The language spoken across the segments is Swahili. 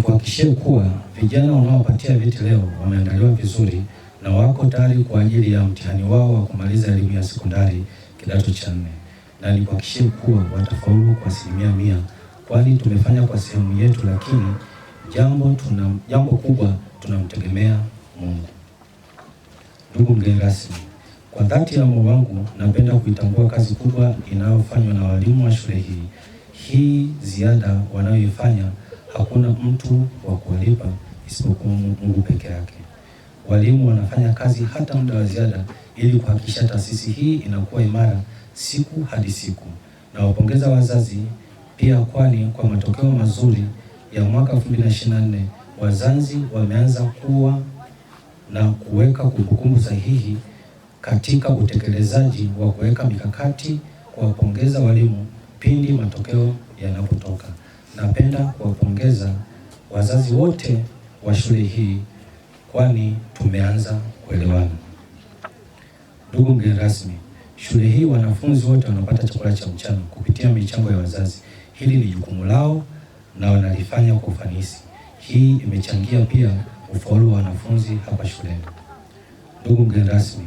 kuhakikishia kuwa vijana wanaopatia vyeti leo wameandaliwa vizuri na wako tayari kwa ajili ya mtihani wao wa kumaliza elimu ya sekondari kidato cha nne, na kuhakikishia kuwa watafaulu kwa asilimia mia, kwani tumefanya kwa sehemu yetu, lakini jambo tuna jambo kubwa tunamtegemea Mungu. Ndugu mgeni rasmi, kwa dhati ya moyo wangu napenda kuitambua kazi kubwa inayofanywa na walimu wa shule hii. Hii ziada wanayoifanya hakuna mtu wa kuwalipa isipokuwa Mungu peke yake. Walimu wanafanya kazi hata muda wa ziada ili kuhakikisha taasisi hii inakuwa imara siku hadi siku. Nawapongeza wazazi pia, kwani kwa matokeo mazuri ya mwaka 2024 wazazi wameanza kuwa na kuweka kumbukumbu sahihi katika utekelezaji wa kuweka mikakati, kuwapongeza walimu pindi matokeo yanapotoka napenda kuwapongeza wazazi wote wa shule hii, kwani tumeanza kuelewana. Ndugu mgeni rasmi, shule hii wanafunzi wote wanapata chakula cha mchana kupitia michango ya wazazi. Hili ni jukumu lao na wanalifanya kwa ufanisi. Hii imechangia pia ufaulu wa wanafunzi hapa shuleni. Ndugu mgeni rasmi,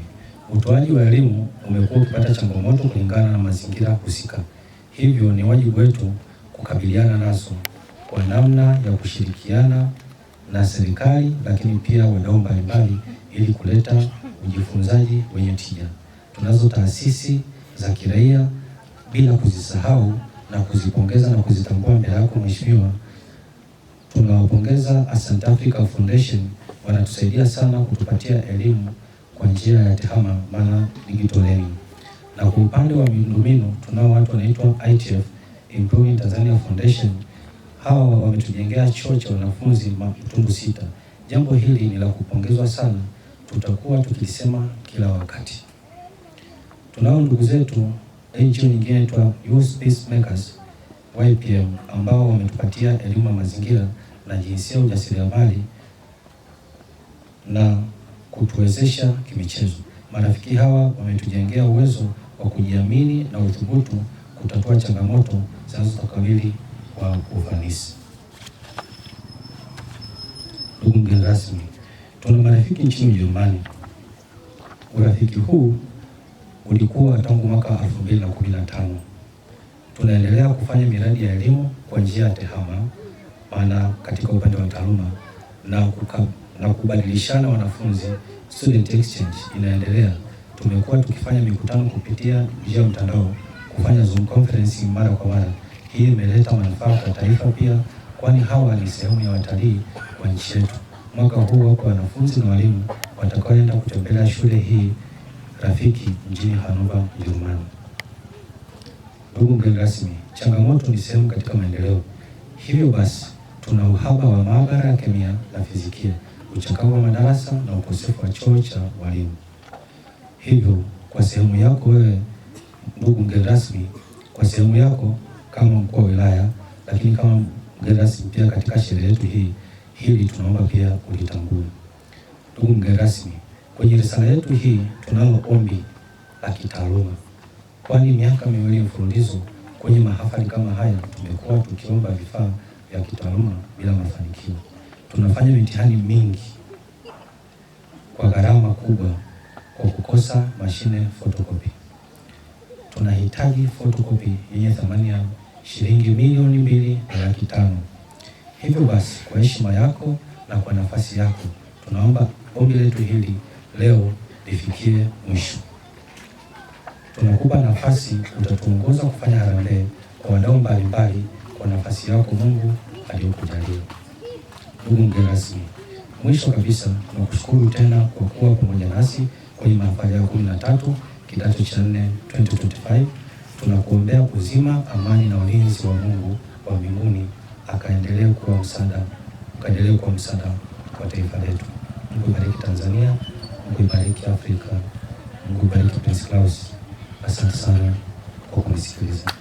utoaji wa elimu umekuwa ukipata changamoto kulingana na mazingira husika, hivyo ni wajibu wetu kukabiliana nazo kwa namna ya kushirikiana na serikali, lakini pia wadau mbalimbali ili kuleta ujifunzaji wenye tija. Tunazo taasisi za kiraia bila kuzisahau na kuzipongeza na kuzitambua mbele yako mheshimiwa. Tunawapongeza Asante Africa Foundation, wanatusaidia sana kutupatia elimu kwa njia ya tehama, maana digital learning. Na kwa upande wa miundombinu tunao watu wanaitwa ITF Improving Tanzania Foundation, hawa wametujengea choo cha wanafunzi matundu sita. Jambo hili ni la kupongezwa sana, tutakuwa tukisema kila wakati. Tunao ndugu zetu NGO nyingine inaitwa Youth Peacemakers YPM ambao wametupatia elimu ya mazingira na jinsia ya ujasiriamali na kutuwezesha kimichezo. Marafiki hawa wametujengea uwezo wa kujiamini na uthubutu kutatua changamoto zinazokabili kwa ufanisi. Ndugu mgeni rasmi, tuna marafiki nchini Ujerumani. Urafiki huu ulikuwa tangu mwaka 2015. Tunaendelea kufanya miradi ya elimu kwa njia ya tehama, maana katika upande wa taaluma na, na kubadilishana wanafunzi, student exchange inaendelea. Tumekuwa tukifanya mikutano kupitia njia ya mtandao kufanya zoom conference mara kwa mara. Hii imeleta manufaa kwa taifa pia, kwani hawa ni sehemu ya watalii wa nchi yetu. Mwaka huu wapo wanafunzi na walimu watakaoenda kutembelea shule hii rafiki mjini Hannover, Ujerumani. Ndugu mgeni rasmi, changamoto ni sehemu katika maendeleo. Hivyo basi tuna uhaba wa maabara ya kemia na fizikia, uchakao wa madarasa na ukosefu wa choo cha walimu. Hivyo kwa sehemu yako wewe ndugu mgeni rasmi, kwa sehemu yako kama mkuu wa wilaya, lakini kama mgeni rasmi pia katika sherehe yetu hii, hili tunaomba pia ulitambue. Ndugu mgeni rasmi, kwenye risala yetu hii tunalo ombi la kitaaluma, kwani miaka miwili mfululizo kwenye mahafali kama haya tumekuwa tukiomba vifaa vya kitaaluma bila mafanikio. Tunafanya mitihani mingi kwa gharama kubwa kwa kukosa mashine fotokopi tunahitaji fotokopi yenye thamani ya shilingi milioni mbili na laki tano. Hivyo basi, kwa heshima yako na kwa nafasi yako, tunaomba ombi letu hili leo lifikie mwisho. Tunakupa nafasi, utatuongoza kufanya harambee kwa wadau mbalimbali kwa nafasi yako Mungu aliyokujalia. Ndugu mgeni rasmi, mwisho kabisa tunakushukuru tena kwa kuwa pamoja nasi kwenye mahafali ya kumi na tatu kidato cha nne 2025 tunakuombea uzima, amani na ulinzi wa Mungu wa mbinguni akaendelee kuwa msaada, akaendelee kuwa msaada kwa taifa letu. Mungu ibariki Tanzania, Mungu ibariki Afrika, Mungu ibariki Prince Claus. Asante sana kwa kunisikiliza.